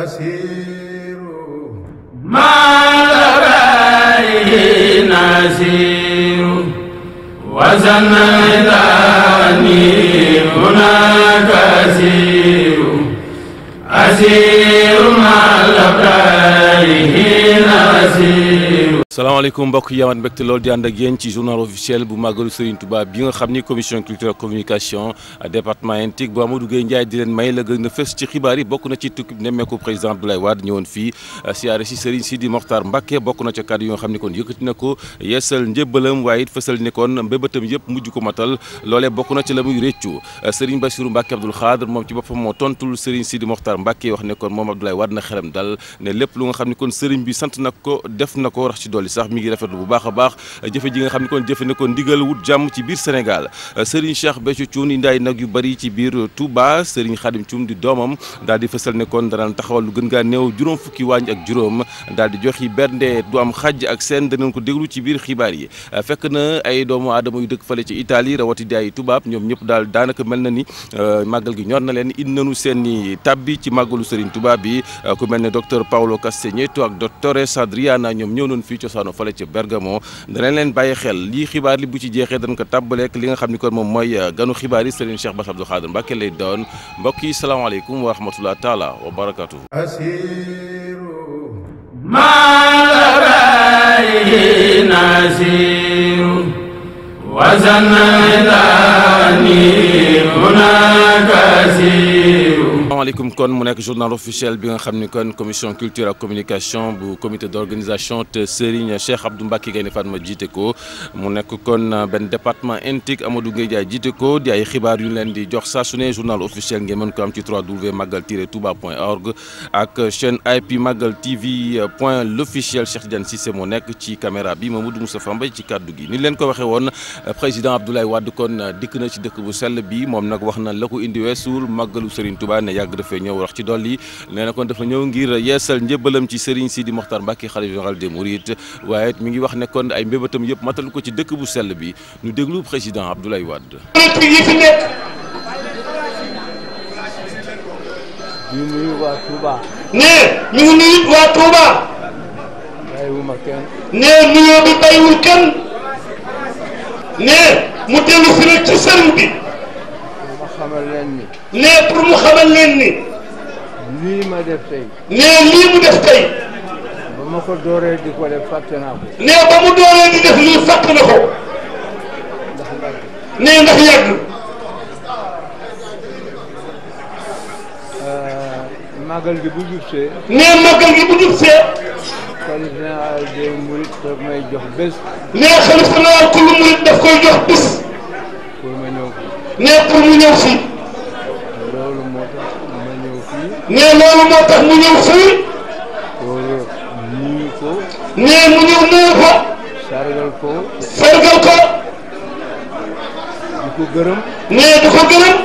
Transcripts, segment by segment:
asiru malabari nasiru wazanani hunakasiru asiru السلام عليكم بكم يا من بكت لودي عندك ينتي جورنال اوفيسيال بو ماغول سيرين توبا بيغا خامني كوميسيون كولتور كوميونيكاسيون ديبارتمان انتيك بو امادو غي نجاي دي لن مايلا غن فيس تي خيباري بوكو نا تي توك نيميكو بريزيدنت بلاي واد نيون في سي ار سي سيرين سيدي مختار مباكي بوكو نا تي كاد يو خامني كون ييكتي نكو ياسل نجيبلم وايت فيسل نيكون مبيبتام ييب موديو كو ماتال لولي بوكو نا تي لامي ريتشو سيرين باشيرو مباكي عبد الخادر موم تي بوفام مو تونتول سيرين سيدي مختار مباكي واخ نيكون موم عبد الله واد نا خرم دال ني ليپ لوغا خامني كون سيرين بي سانت نكو ديف نكو راه تي dolli sax mi ngi rafetlu bu baax a baax jëfe ji nga xam ne kon jëfe ne ko ndigal wut jàmm ci biir Sénégal Serigne Cheikh Béthio Thioune indi ay nag yu bari ci biir Touba Serigne Khadim Thioune di doomam daal di fësal ne kon danaan taxawal lu gën ngaa néew juróom fukki waañ ak juróom daal jox yi bernde du am xaj ak seen danañ ko déglu ci biir xibaar yi fekk na ay doomu aadama yu dëkk fale ci Italie rawati di ay tubaab ñoom ñëpp daal daanaka mel na ni euh, màggal gi ñor na leen indi nañu i tàbbi ci màggalu Serigne Touba bi euh, ku mel ne docteur Paolo cosaano fale ci Bergamo danañ leen bàyyi xel lii xibaar li bu ci jeexee dañ ko tàbbaleek li nga xam ni kon moom mooy euh, ganu xibaar yi Serigne Cheikh Bass Abdou Khadre Mbacké lay doon mbokk yi salaamaaleykum wa rahmatullah taala wa barakatuhu salaamaaleykum kon mu nek journal officiel bi nga xamni kon commission culture et communication bu comité d'organisation te Serigne Cheikh Abdou Mbacké Gaïndé Fatma jiite ko mu nek kon ben département intique Amadou Gueye Ndiaye jiite ko di ay xibar yu len di jox sa su journal officiel ngeen man ko am ci 3W magal tiré touba ak chaîne IP magal TV point l' Cheikh Tidiane Cissé moo nekk ci caméra bi Mamadou Moustapha Mbaye ci kàddu gi ni len ko waxee won président Abdoulaye Wade kon dik na ci dëkk bu sel bi mom nak wax na la indi weesul màggalu Serigne Touba ne yàgg dafay ñëw wax ci dolli nee na kon dafa ñëw ngir yeesal njëbbalam ci si di Mokhtar Mbacké xalifa général des Mourides waaye it mi ngi wax ne kon ay mbébatam yëpp matal ko ci dëkk bu sell bi ñu déglu président Abdoulaye Wade. yi nee ñu ngi nuyu waa Touba. nee nuyoo bi bàyyiwul kenn. nee mu dellu si rek ci sëriñ bi. xamal leen ni. nee pour mu xamal leen ni. lii ma def tey. nee lii mu def tey. ba ma ko dooree di ko def fàtte naa ko. nee ba mu dooree di def lii fàtte na ko. nee ndax yàgg. Euh, màggal gi bu jubsee. nee màggal gi bu jubsee. xalif général des mourides daf may jox bés. nee xalif général ku lu murit daf koy jox bés. pour ma ñëw. ne pour mu ñëw fii. loolu moo tax ma ñëw fii. ne loolu moo tax mu ñëw fii. nuyu ko. ne mu ñëw nuyu ko. sargal ko. sargal ko. di ko gërëm. ne di ko gërëm.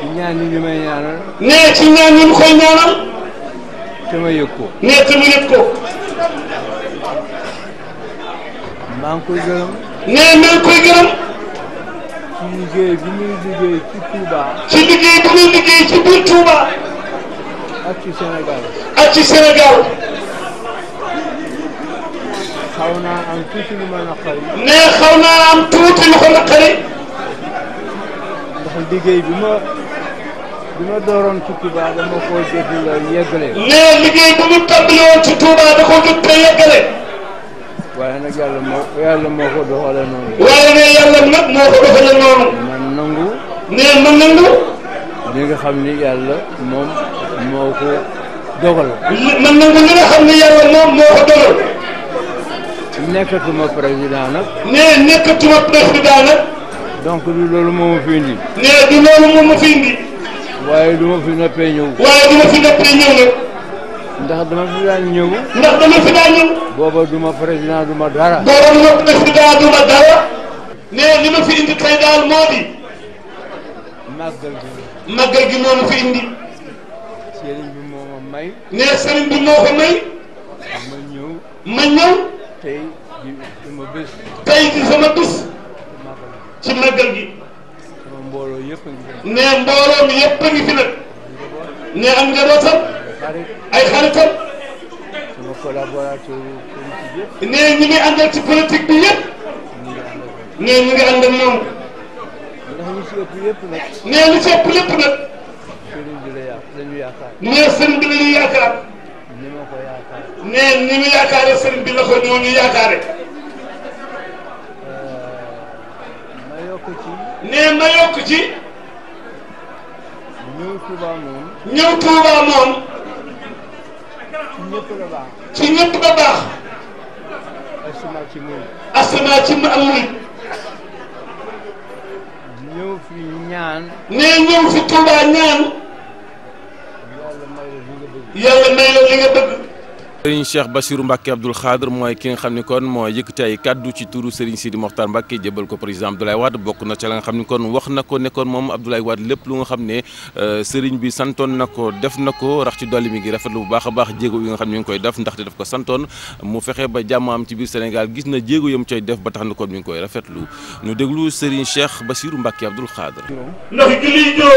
ci ñaan yi ñu ñaanal. ne ci ñaan yi ñu ñaanal. te ma yëg ko. mu yëg ko. gërëm. ne maa gërëm. ci liggéey bi muy liggéey ci Touba. ci liggéey bi muy liggéey ci biir Touba. ak ci Sénégal. ak am tuuti lu ma naqari. mais xaw am tuuti lu ko naqari. ndax ma dooroon ci Touba dama ko jot la yeggale. mais liggéey bi mu tàmbali ci Touba da ko jot yeggale. waaye nag yàlla moo yàlla moo ko doxale noonu. waaye nag yàlla nag moo ko doxale noonu. man nangu. nee man nangu. li nga xam ni yàlla moom moo ko dogal. man nangu li nga xam ni yàlla moom nag. donc du loolu moo ma fi indi. nee du loolu moo fi indi. waaye du ma fi noppee ñëw. nag. ndax dama fi daan ñëw. ndax dama fi daan ñëw. booba du ma président du ma dara. booba du ma président du ma dara. mais li ma fi indi tey daal moo di. màggal gi. màggal gi moo ma fi indi. sëriñ bi moo ma may. nee sëriñ bi moo ko may. ma ñëw. ma ñëw. tey di sama bés. tey di sama bés. ci màggal gi. sama mbooloo yëpp a ngi fi. nee mbooloo mi yëpp a ngi fi nag. nee am nga dootam. ay xaritam. sama collaborateur politique yëpp. nee ñi ngi àndal ci politique bi yëpp. nee ñi ngi àndal moom. ndax ñu ci ëpp yëpp nag. nee li ci ëpp lépp nag. sëriñ bi la ya lañu yaakaar. nee sëriñ bi la ñu yaakaar. ni ma ko yaakaar. nee ni mu yaakaare sëriñ bi la ko ñoo ñu yaakaare. Euh, ma yokk ci. nee ma yokk ci. ñëw Touba moom. ñëw Touba moom. ci ñëpp la baax. asama ci muy. asama ci mu am muy. fi ñaan. nee ñëw fi Touba ñaan. yàlla la li la li bëgg. Serigne Cheikh Bassirou Mbacke Abdoul Khadr mooy ki nga xam ni kon moo yëkkati ay kaddu ci turu Serigne Sidi Mokhtar Mbacke jébal ko président Abdoulaye Wade bokk na ca nga xam ni kon wax na ko nekkoon moom Abdoulaye Wade lépp lu nga xam ne euh, Serigne bi santoon na ko def na ko rax ci dolli mi ngi rafetlu bu baax a baax jéego yi nga xam ni mi koy def ndaxte daf ko santoon mu fexe ba jàmm am ci biir Sénégal gis na jéego yam coy def ba tax na kon mi ngi koy rafetlu ñu déglu Serigne Cheikh Bassirou Mbacke Abdoul Khadr. ndax julli ko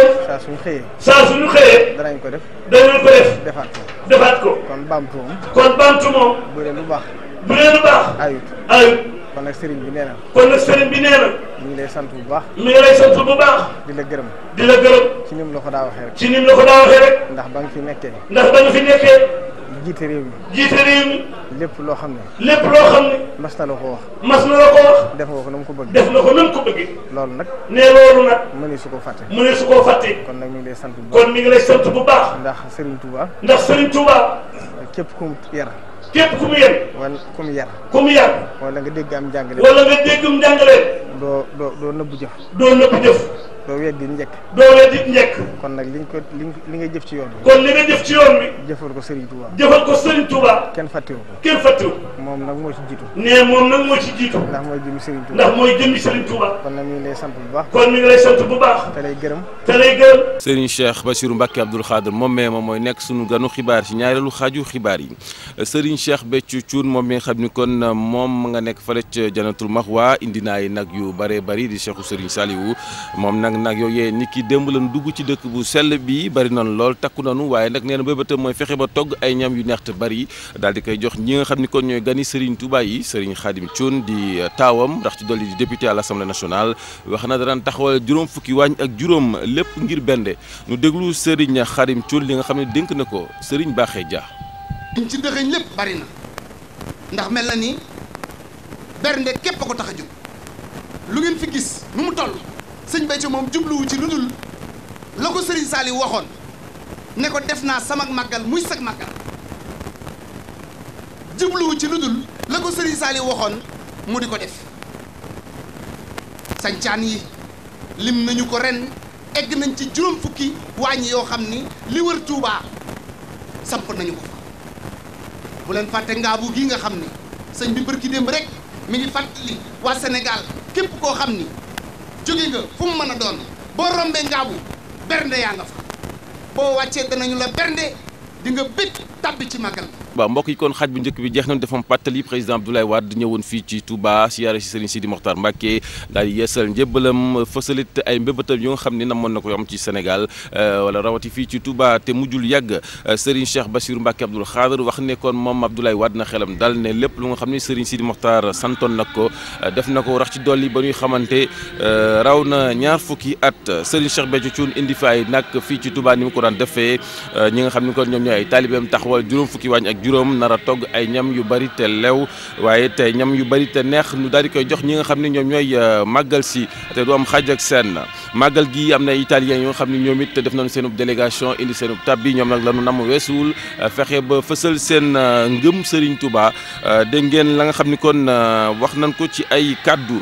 def. danañ defaat ko. kon bam moom. kon bamtu moom. bu dee lu baax. bu lu baax. ayut ayut. kon nag sëriñ bi nee na. kon nag bi nee na. ñu ngi lay sant bu baax. ñu ngi lay sant bu baax. di la gërëm. di la gërëm. ci nim la ko daa waxee ci nim la ko daa waxee ndax ba fi nekkee. ndax ba nga fi nekkee. jiite réew mi. jiite réew mi. lépp loo xam ne. lépp loo xam ne. mas na la ko wax. mas na la ko wax. def nga ko na mu ko bëgg. loolu nag. ne loolu nag. mënee su ko fàtte. mënee su ko fàtte. kon nag mi ngi lay sant bu baax kon mi ngi lay ndax Serigne Touba. ndax Serigne Touba. képp ku mu yar. képp ku yar. wala yar. ku nga dégg am jàngale. wala nga dégg am doo doo doo jëf. doo nëbbu jëf. doo weddi njëkk doo weddi njëkk kon nag liñ ko li nga jëf ci yoon bi kon li nga jëf ci yoon bi jëfal ko Serigne Touba jëfal kenn fàttewu kenn fàttewu moom nag moo ci jiitu nee moom nag moo ci jiitu ndax mooy jëmmi Serigne Touba ndax kon nag mi lay sant bu baax kon mi lay sant bu baax te lay gërëm te lay gërëm Serigne Cheikh Bassirou moom mee moom mooy nekk suñu ganu xibaar ci ñaareelu xaaju xibaar yi Serigne Cheikh Béthio Thioune moom mi xam ni kon moom nga nekk fële ca Janatul Mahwa indi naa yi nag yu bare bari di Cheikhu Serigne nag yow yee nit ki démb lan dugg ci dëkk bu sell bi bari nañ lool takku nañu waaye nag nee na mooy fexe ba togg ay ñam yu neex te bari daal di koy jox ñi nga xam ni kon ñooy gani Serigne Touba yi Serigne Khadim Thioune di euh, taawam ndax ci dolli di député à l'Assemblée nationale wax na daan taxawal juróom fukki waañ ak juróom lépp ngir bende nu déglu Serigne Khadim Thioune li nga xam ne dénk na ko Serigne Baaxee Dia. liñ ci dëxëñ lépp bari na mel na ni bernde képp ko tax a jóg lu ngeen fi gis nu mu toll. sëñ ba ci moom jubluwu ci lu dul la ko sëriñ saali waxoon ne ko def naa sama màggal muy sag màggal jubluwu ci lu dul la ko sëriñ saali waxoon mu di ko def sancaan yi lim nañu ko ren egg nañ ci juróom fukki wàññi yoo xam ni li wër Touba samp nañu ko fa bu leen fàtte ngaabu gi nga xam ni sëñ bi bërki démb rek mi ngi fàttali waa Sénégal képp koo xam ni jóge nga fu mu mën a doon boo rombee ngaabu bernde yaa nga fa boo wàccee danañu la bernde di nga bëgg tàbbi ci màggal waaw mbokk yi kon xaaj bu njëkk bi jeex nañu defam pàttali président Abdoulaye Wade ñëwoon fii ci Touba siyaare si Serigne Sidi Mokhtar Mbacke daal di yeesal njëbbalam fësalit ay mbébétam yu nga xam ne namoon na ko am ci Sénégal wala rawati fii ci Touba te mujjul yàgg Serigne Cheikh Bassirou Mbacke Abdoul Khadr wax ne kon moom Abdoulaye Wade na xelam dal ne lépp lu nga xam ne Serigne Sidi Mokhtar santoon na ko def na ko rax ci dolli ba ñuy xamante raw na ñaar fukki at Serigne Cheikh Béthio Thioune indi fi ay nag fii ci Touba ni mu ko daan defee ñi nga xam ne kon ñoom ñooy ay taalibeem taxawal juróom fukki wàññ ak juróom nar a togg ay ñam yu bari te lew waaye te ñam yu bari te neex ñu daal di koy jox ñi nga xam ne ñoom ñooy euh, màggal si te du am xaj ak seen màggal gi am na italien yoo xam ne ñoom it def nañu seenub délégation indi seenub tab bi ñoom nag lanu nam weesuwul euh, fexe ba fësal seen euh, ngëm sëriñ Touba dégg ngeen la nga xam ne kon wax nañ ko ci ay kàddu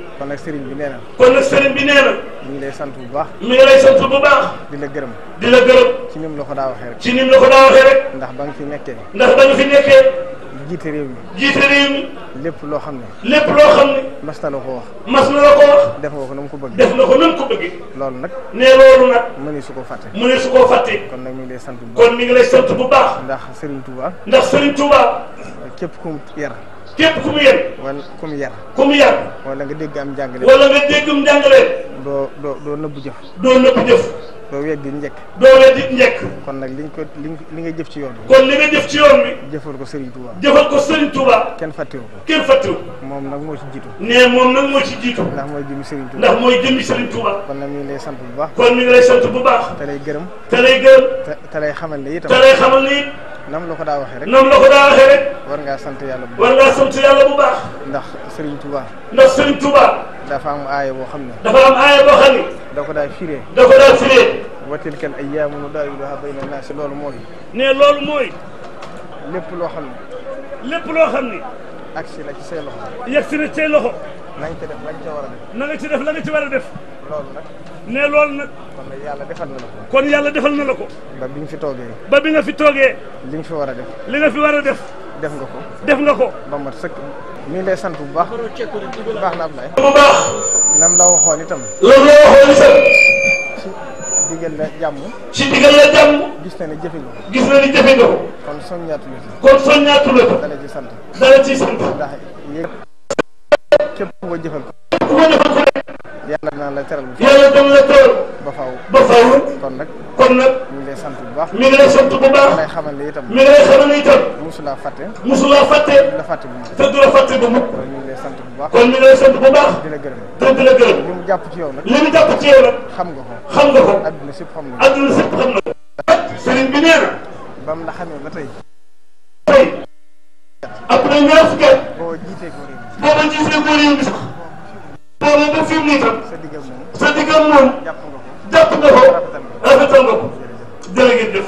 kon nag sëriñ bi nee na. kon nag sëriñ bi nee na. ngi lay sant bu baax. mi ngi lay sant bu baax. di la gërëm. di la gërëm. ci nim la ko daa waxee rek. ci nim la ko daa waxee rek. ndax ba fi nekkee. ndax ba fi nekkee. jiite réew lépp loo xam ne. lépp loo xam ne. mas na la ko wax. mas na la ko def nga ko na bëgg. def na ko na bëgg. loolu nag. ne loolu nag. mënee su koo fàtte. mënee su koo fàtte. kon nag mi ngi lay sant bu baax. ndax Serigne tuba ndax Serigne képp ku yar. képp ku mu yem. wala ku mu yar. ku mu yar. wala nga dégg am jàngale. wala doo doo doo nëbbu jëf. doo nëbbu jëf. doo kon nag liñ ko liñ li nga jëf ci yoon bi. kon li nga jëf jëfal ko Serigne Touba. jëfal ko Serigne Touba. kenn fàttewu kenn fàttewu moom nag moo ci jiitu. nee moom nag moo ci jiitu. ndax mooy jëmmi Serigne Touba. ndax mooy jëmmi kon nag mi ngi lay sant bu baax. kon mi ngi lay sant bu baax. te lay gërëm. te lay xamal ne itam. te lay xamal ne it. nam la ko daa waxee rek nam la ko daa waxee rek war ngaa sant yàlla bu war ngaa sant yàlla bu baax ndax Serigne Touba ndax Serigne Touba dafa am aaya boo xam ne dafa am aaya boo xam ne da ko daa firee da ko daa firee wa tilka al ayyaamu nudaawiluhaa bayna naasi loolu mooy ne loolu mooy lépp loo xam ne lépp loo xam ne agsi la ci say loxo yegsi na ci say loxo na nga ci def la nga ci war a def na nga ci def la nga ci war a def loolu nag ne loolu nag. kon nag yàlla defal na la ko. kon yàlla defal na la ko. ba bi nga fi toogee. ba bi nga fi toogee. li nga fi war a def. li def. def nga ko. def nga ko. ba mat sëkk. ñu ngi lay sant bu baax. bu baax la Ablaye. bu baax. lam la waxoon itam. lam la waxoon itam. ci digal la jàmm. ci digal la jàmm. gis na ne jëfe nga ko. gis na ne jëfe ko. kon soññaatu la la ko. dala ci sant. dala ci sant. ndax yéen. képp ku jëfal ko. yàlla dana la teral yàlla dana la teral ba faaw ba faaw kon nag kon nag ñu ngi lay sant bu baax mi ngi lay sant bu baax lay xamal ne itam mi ngi lay xamal ne itam musulaa fàtte musulaa fàtte la fàtte bu mu te du la fàtte bu mu kon ñu ngi lay sant bu baax kon ñu ngi lay sant bu baax di la gërëm te di la gërëm li mu jàpp ci yow nag li mu jàpp ci yow nag xam nga ko xam nga ko adduna sëpp xam na adduna sëpp xam na sëriñ bi nee na ba mu la xamee ba tey tey après ñaar fukki boo jiitee ko réew boo jiitee ko réew bi sax nee na ba fii nii tam sa diggam moom jàpp nga ko rafetal nga ko jërë ngeen jëf.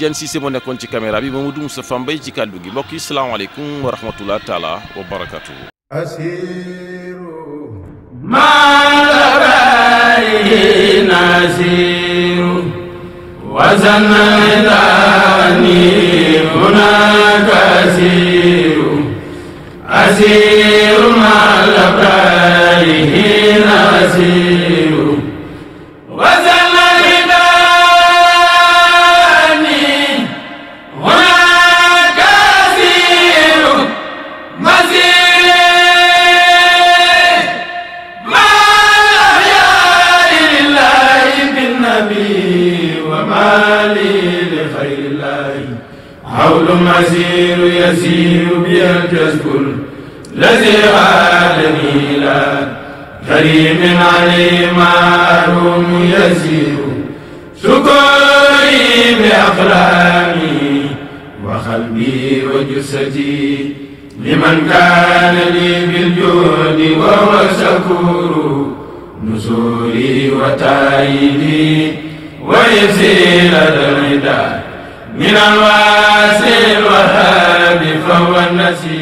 Tidiane Cissé moo nekkoon ci caméra bi Mamadou Moustapha Mbaye ci kàddu gi mbokk yi salaamaaleykum wa rahmatullah taala wa barakatuhu asiru malabari nasiru wazanadani munakasiru asiru malabari من علي معهم يزيد شكري بأقلامي وقلبي وجسدي لمن كان لي بالجود وهو شكور نزولي وتايدي ويزيل الرداء من الواسع الوهاب فهو النسيم